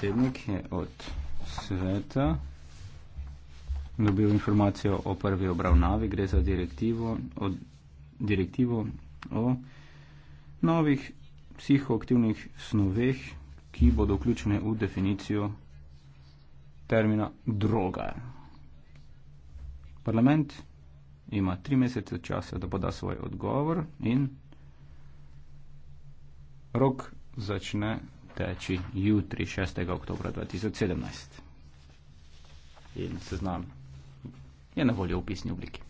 predsednik je od sveta dobil informacijo o prvi obravnavi, gre za direktivo o, direktivo o novih psihoaktivnih snoveh, ki bodo vključene v definicijo termina droga. Parlament ima tri mesece časa, da poda svoj odgovor in rok začne teči jutri 6. oktober 2017. In seznam je na voljo v pisni obliki.